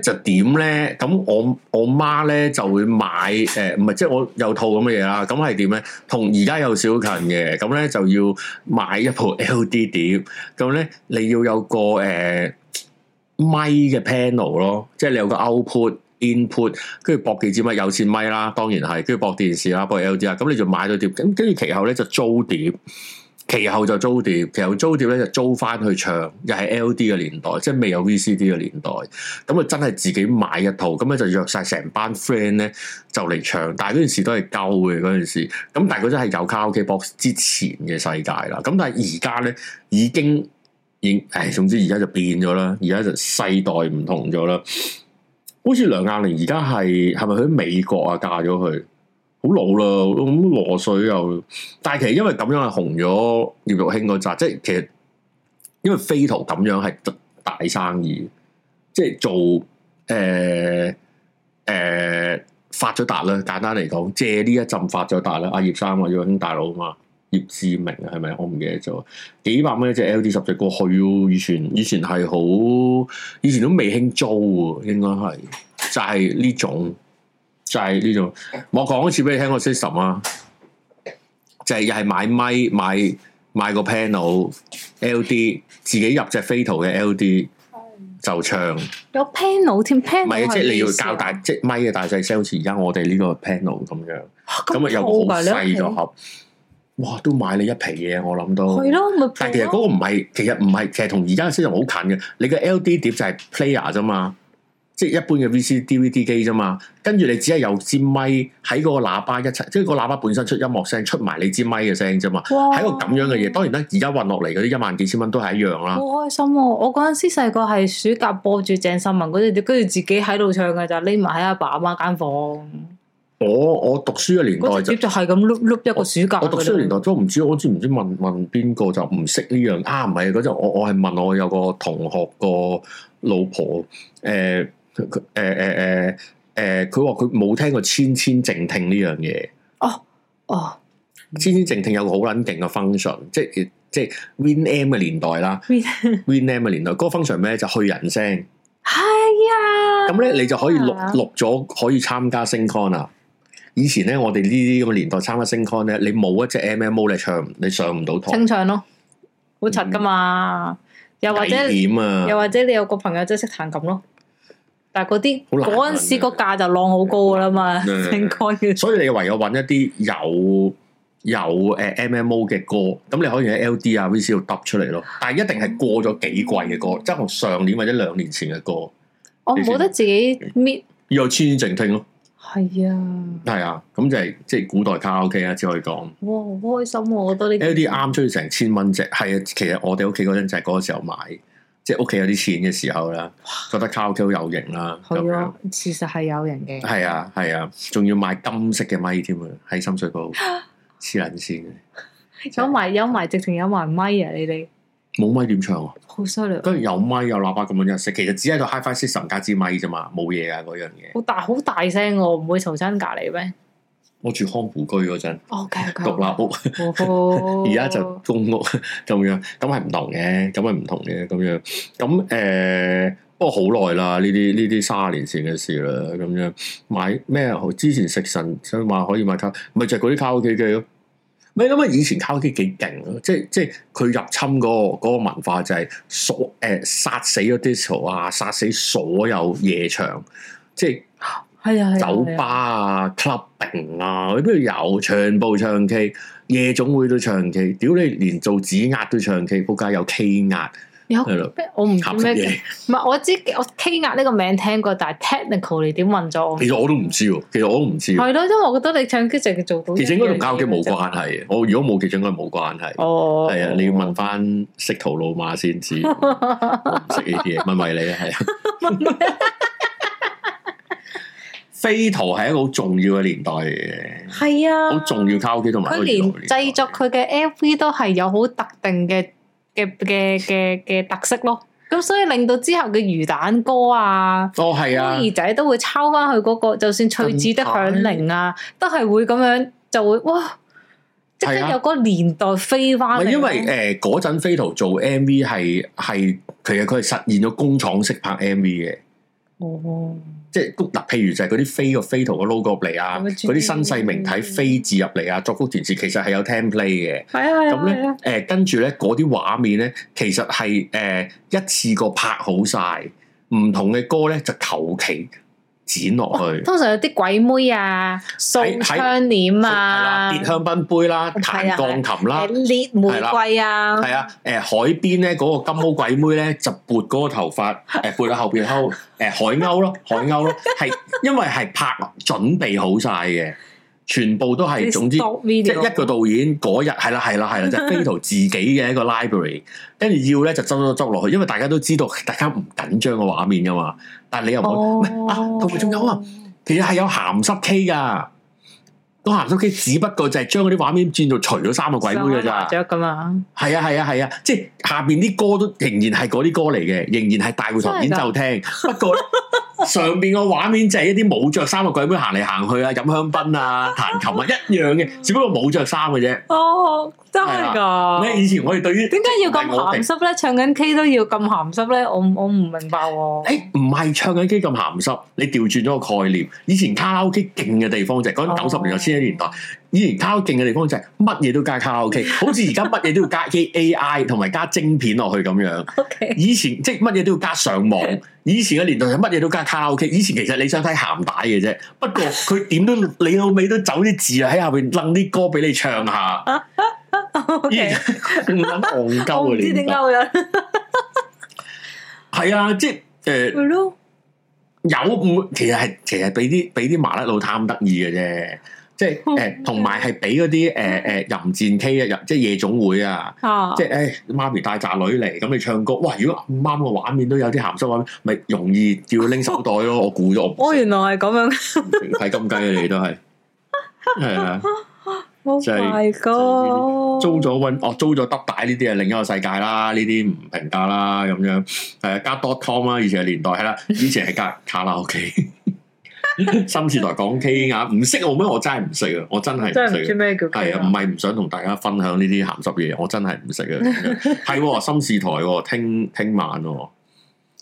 就點咧？咁我我媽咧就會買誒，唔係即係我有套咁嘅嘢啦。咁係點咧？同而家有少近嘅，咁咧就要買一部 LD 碟。咁咧你要有個誒、欸、咪嘅 panel 咯，即係你有個 output input，跟住駁幾支咪有線咪啦，當然係跟住駁電視啦，駁 LD 啦。咁你就買咗碟，咁跟住其後咧就租碟。其後就租碟，其後租碟咧就租翻去唱，又係 L.D 嘅年代，即係未有 V.C.D 嘅年代，咁啊，真係自己買一套，咁咧就約晒成班 friend 咧就嚟唱，但係嗰陣時都係舊嘅嗰陣時，咁但係都係有卡拉 OK box 之前嘅世界啦，咁但係而家咧已經，已、哎，總之而家就變咗啦，而家就世代唔同咗啦，好似梁亞玲而家係係咪去美國啊嫁咗去？好老啦，咁攞水又，但係其實因為咁樣係紅咗葉玉卿嗰扎，即係其實因為飛圖咁樣係大生意，即係做誒誒、欸欸、發咗達啦。簡單嚟講，借呢一陣發咗達啦。阿葉生啊，葉興大佬啊嘛，葉志明係咪？我唔記得咗，幾百蚊一隻 L D 十隻過去咯。以前以前係好，以前都未興租，應該係就係、是、呢種。就係、是、呢種，我講一次俾你聽個 system 啊，就係又係買咪買買個 panel，L D 自己入只飛圖嘅 L D 就唱，嗯、有 panel 添，panel 係。唔係，即係你要較大即係咪嘅大細聲，好似而家我哋呢個 panel 咁樣，咁啊又好細咗盒。哇，都買你一皮嘢，我諗都係咯，但其實嗰個唔係，其實唔係，其實同而家 system 好近嘅，你個 L D 碟就係 player 啫嘛。即係一般嘅 VCD DVD 機啫嘛，跟住你只係有支咪喺嗰個喇叭一齊，即係個喇叭本身出音樂聲，出埋你支咪嘅聲啫嘛。係個咁樣嘅嘢，當然啦，而家運落嚟嗰啲一萬幾千蚊都係一樣啦。好開心！我嗰陣、啊、時細個係暑假播住鄭秀文嗰啲，跟住自己喺度唱嘅咋，匿埋喺阿爸阿媽間房。我我讀書嘅年代就就係咁碌碌一個暑假。我讀書嘅年代都唔知，我知唔知問問邊個就唔識呢樣啊？唔係嗰陣我我係問我有個同學個老婆誒。呃佢佢誒誒誒誒，佢話佢冇聽過千千靜聽呢樣嘢。哦哦，千千靜聽有個好撚勁嘅 function，即係即係 Win M 嘅年代啦。Win M 嘅年代，嗰、 嗰個 function 咩就去人聲。係啊。咁咧，你就可以錄錄咗，可以參加 sing con 啦。以前咧，我哋呢啲咁嘅年代參加 sing con 咧，你冇一隻 MMO 你唱，你上唔到台。清唱咯，好柒噶嘛，嗯？又或者，點啊？又或者你有個朋友真係識彈琴咯。但係嗰啲嗰陣時個價就浪好高噶啦嘛，應該。 所以你唯有揾一啲有有誒 M M O 嘅歌，咁你可以喺 L D 啊 V C 度揼出嚟咯。但係一定係過咗幾季嘅歌，即、嗯、係、就是、上年或者兩年前嘅歌。我、哦、冇得自己搣，要有千千靜聽咯。係啊，係啊，咁就係即係古代卡拉 OK 啊，只可以講。哇，好開心、啊！我覺得呢 L D 啱出咗成千蚊隻，係啊。其實我哋屋企嗰陣就係嗰個時候買。即係屋企有啲錢嘅時候啦，覺得卡拉 OK 有型啦，咁樣。事實係有型嘅。係啊，係啊，仲、啊啊、要買金色嘅咪添啊，喺深水埗黐撚線嘅。有埋有埋，直情有埋咪啊！你哋冇咪點唱啊？好犀利。都係有咪，有，咪有喇叭咁樣樣食，其實只係個 hi-fi system 加支咪啫嘛，冇嘢啊嗰樣嘢。好大好大聲喎、啊，唔會嘈親隔離咩？我住康湖居嗰陣，獨、okay, okay. 立屋，而、oh, 家、okay. 就公屋咁樣，咁係唔同嘅，咁係唔同嘅咁樣，咁誒、呃，不過好耐啦，呢啲呢啲卅年前嘅事啦，咁樣買咩？之前食神想話可以買卡，咪就係嗰啲卡啦 OK 機咯。咪咁啊？以前卡啦 OK 幾勁咯，即係即係佢入侵嗰個個文化就係所誒殺、呃、死咗 Disco 啊，殺死所有夜場，即係。啊、酒吧啊 c l u b 啊，你邊度有？全部唱 K，夜總會都唱 K。屌你，連做指壓都唱 K，仆街有 K 壓。有咩、啊？我唔。唔係，我知我 K 壓呢個名聽過，但係 technical 你點問咗我？其實我都唔知，其實我都唔知。係咯，因為我覺得你唱 K 就做到。其實應該同交機冇關係，我如果冇，其實應該冇關係。哦。係、哦、啊，你要問翻識途老馬先知、哦哦。我唔識呢啲嘢，問 埋你啊，係啊。 飛圖係一個好重要嘅年代嚟嘅，係啊，好重要,的交很重要的的。靠佢同埋佢製作，連製作佢嘅 M V 都係有好特定嘅嘅嘅嘅嘅特色咯。咁所以令到之後嘅魚蛋歌啊，哦係啊，二、e、仔都會抄翻佢嗰個，就算翠子的響鈴啊，都係會咁樣就會哇，即刻有個年代飛翻、啊、因為誒嗰陣飛圖做 M V 係係其實佢係實現咗工廠式拍 M V 嘅，哦。即係嗱，譬如就係嗰啲飛個飛圖個 logo 入嚟啊，嗰啲新世名體飛字入嚟啊，作曲填詞其實係有 template 嘅。係啊，咁咧誒，跟住咧嗰啲畫面咧，其實係誒、呃、一次過拍好晒，唔同嘅歌咧就求其。剪落去、哦，通常有啲鬼妹啊，送香檳啊，別香檳杯啦、啊，彈鋼琴啦、啊，裂玫、啊、瑰啊，係啊，啊，啊，海邊咧嗰個金毛鬼妹咧就撥嗰個頭髮，撥 到後面後。後海鷗咯，海鷗咯，係因為係拍準備好晒嘅。全部都係，總之即係一個導演嗰日係啦，係啦，係啦，就飛 圖自己嘅一個 library，跟住要咧就執咗執落去，因為大家都知道大家唔緊張個畫面噶嘛，但係你又冇，唔、哦、係啊，同埋仲有啊，其實係有鹹濕 K 噶，個鹹濕 K 只不過就係將嗰啲畫面轉到除咗三個鬼妹嘅咋，着噶嘛，係啊，係啊，係啊，即係、啊啊啊啊、下邊啲歌都仍然係嗰啲歌嚟嘅，仍然係大會堂演奏廳，不過。 上邊個畫面就係一啲冇着衫嘅鬼妹行嚟行去啊，飲香檳啊，彈琴啊，一樣嘅， 只不過冇着衫嘅啫。哦、oh,，真係噶！咩？以前我哋對於點解要咁鹹濕咧？唱緊 K 都要咁鹹濕咧？我我唔明白喎、啊。誒、欸，唔係唱緊 K 咁鹹濕，你調轉咗個概念。以前卡拉 OK 勁嘅地方就係講緊九十年代、千、oh. 禧年代。以前卡拉 OK 勁嘅地方就係乜嘢都加卡拉 OK，好似而家乜嘢都要加 AI 同埋加晶片落去咁樣。以前即係乜嘢都要加上網。以前嘅年代係乜嘢都加卡拉 OK。以前其實你想睇鹹帶嘅啫，不過佢點都你老尾都走啲字啊喺下邊掹啲歌俾你唱下。以前咁戇鳩嘅年代。係 啊，即係誒、呃，有其實係其實俾啲俾啲麻甩佬貪得意嘅啫。即係誒，同埋係俾嗰啲誒誒淫賤 K 啊，即係夜總會啊，啊即係誒、欸、媽咪帶扎女嚟，咁你唱歌，哇！如果唔啱嘅畫面都有啲鹹濕畫面，咪容易叫拎手袋咯、啊啊，我估咗我不。哦，原來係咁樣。係金雞啊，你都係。係啊，好大個。租咗揾，哦，租咗得帶呢啲係另一個世界啦，呢啲唔評價啦咁樣。誒，加 dotcom 啦、啊，以前嘅年代係啦，以前係加卡拉 OK。心 事台講 K 啊，唔識我咩？我真係唔識啊，我真係唔識。知咩叫 K。係啊，唔係唔想同大家分享呢啲鹹濕嘢，我真係唔識 是啊。係，心事台聽聽晚、啊，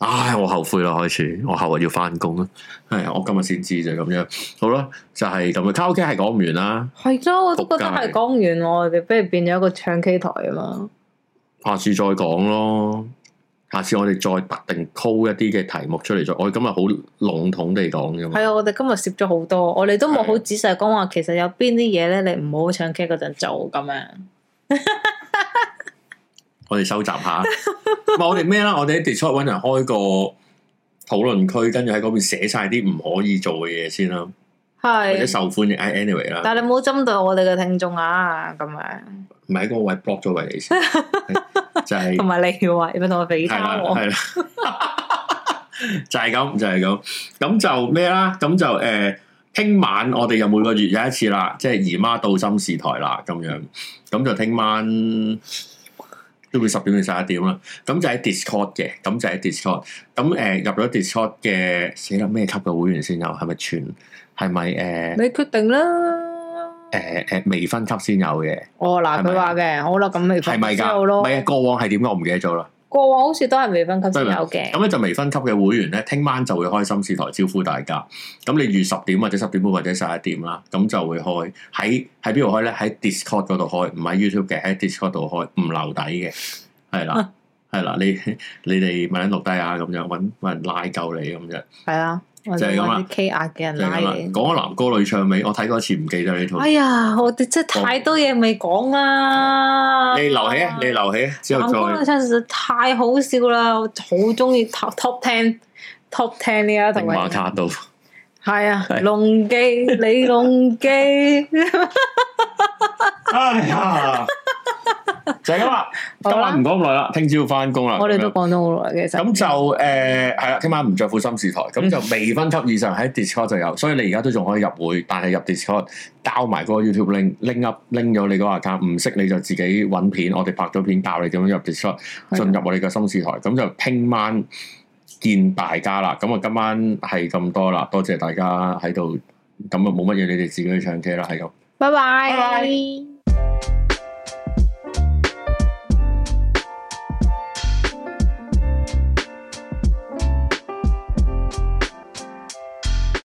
唉，我後悔啦，開始，我後日要翻工啊！係，我今日先知啫，咁樣好啦，就係咁樣卡拉 OK 係講唔完啦。係啫、就是，我都覺得係講完了， 我哋不如變咗一個唱 K 台啊嘛。下次再講咯。下次我哋再特定 call 一啲嘅題目出嚟，再我哋今日好籠統地講啫嘛。係啊，我哋今日涉咗好多，我哋都冇好仔細講話，其實有邊啲嘢咧，你唔好唱 K 嗰陣做咁樣。我哋收集下，唔係我哋咩啦？我哋喺 Discord 搵人開個討論區，跟住喺嗰邊寫晒啲唔可以做嘅嘢先啦。或者受歡迎 Anyway 啦。Anyway，但係你唔好針對我哋嘅聽眾啊，咁、 就是、 樣。唔係嗰位 block 咗位嚟先，就係同埋你位咪同我比交我。就係咁，就係咁，咁就咩啦？咁就誒，聽晚我哋又每個月有一次啦，即、就、係、是、姨媽到心事台啦，咁樣。咁就聽晚都會十點至十一點啦。咁就喺 Discord 嘅，咁就喺 Discord。咁誒、呃，入咗 Discord 嘅死啦咩級嘅會員先有，係咪全？係咪誒？你決定啦。誒、呃、誒，未分級先有嘅。哦，嗱，佢話嘅，好啦，咁未分級先有咯。唔係過往係點？我唔記得咗啦。過往好似都係未分級先有嘅。咁咧就未分級嘅會員咧，聽晚就會開新視台招呼大家。咁你預十點或者十點半或者十一點啦，咁就會開喺喺邊度開咧？喺 Discord 度開，唔喺 YouTube 嘅，喺 Discord 度開，唔留底嘅。係啦，係、啊、啦，你你哋咪諗錄低啊，咁樣搵人拉夠你咁樣。係啊。就係咁啦，啲 K 壓嘅人拉嘅。講咗男歌女唱未？我睇、就是、過一次，唔記得呢套。哎呀，我哋真係太多嘢未講啦。你留起、啊，你留起。男歌女唱實在太好笑啦，我好中意 Top Ten Top Ten 呢一套。馬卡道。係啊，龍基李龍基。 哎呀！ 就係咁啦。今晚唔講咁耐啦，聽朝要翻工啦。我哋都講咗好耐嘅。咁就誒係啦，聽、呃、晚唔着副心事台。咁 就未分級以上喺 Discord 就有，所以你而家都仲可以入會，但係入 Discord 交埋個 YouTube link link up link 咗你個 account。唔識你就自己搵片，我哋拍咗片教你點樣入 Discord 進入我哋嘅心事台。咁就聽晚見大家啦。咁啊，今晚係咁多啦，多謝大家喺度。咁啊，冇乜嘢，你哋自己去唱 K 啦。係咁，拜拜。Bye bye